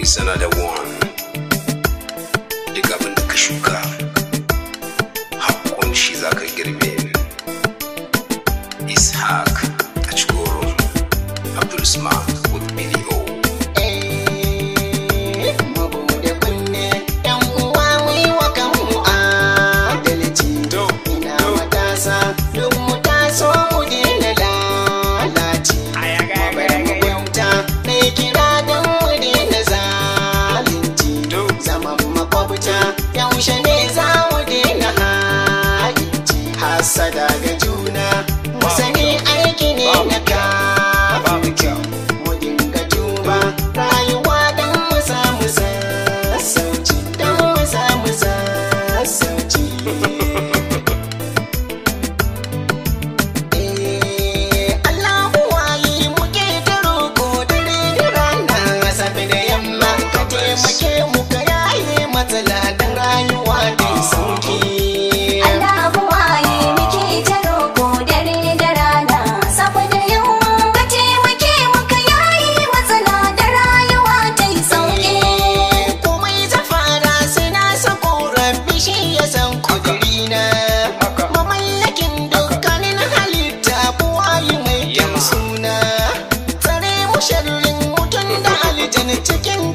is another one duk abin da ka shuka hakkun shi za ka girbe ishaq a cikin abdul smart side again. chicken.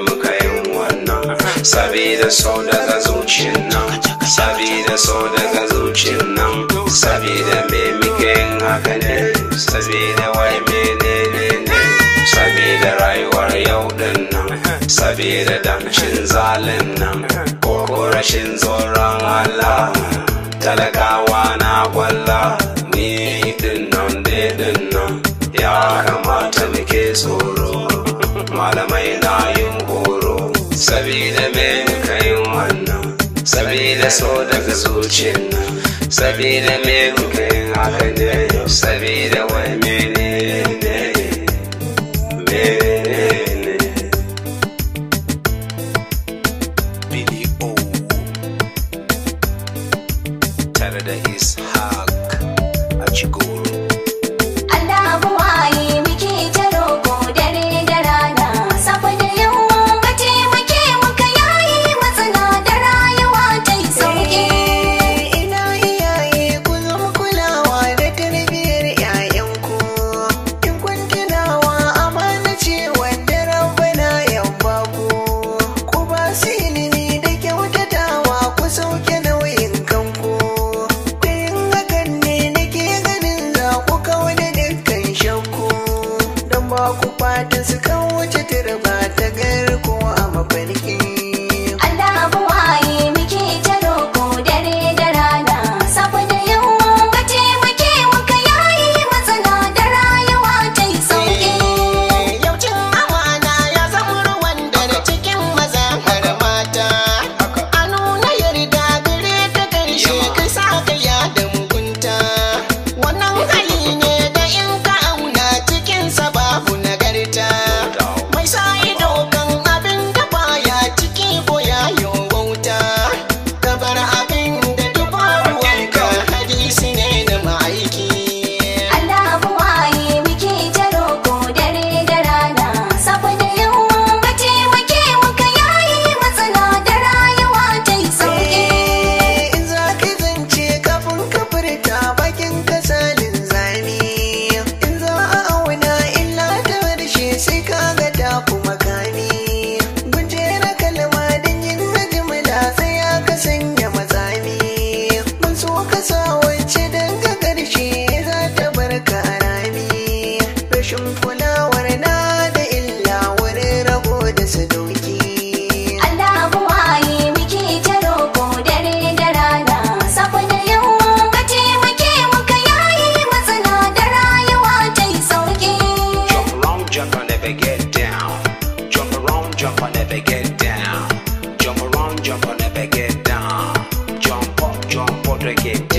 sabida sau daga zuciyar nan sabida sau daga zuciyar nan sabida me muke haka ne sabida wai me ne ne sabida rayuwar yau din nan sabida damshin zalin nan ko rashin tsoron Allah talakawa na kwalla ni din nan din nan ya kamata muke tsoro malamai na yin horo sabida sabila so daga zuciya sabila min kai haka ne sabila wai min otro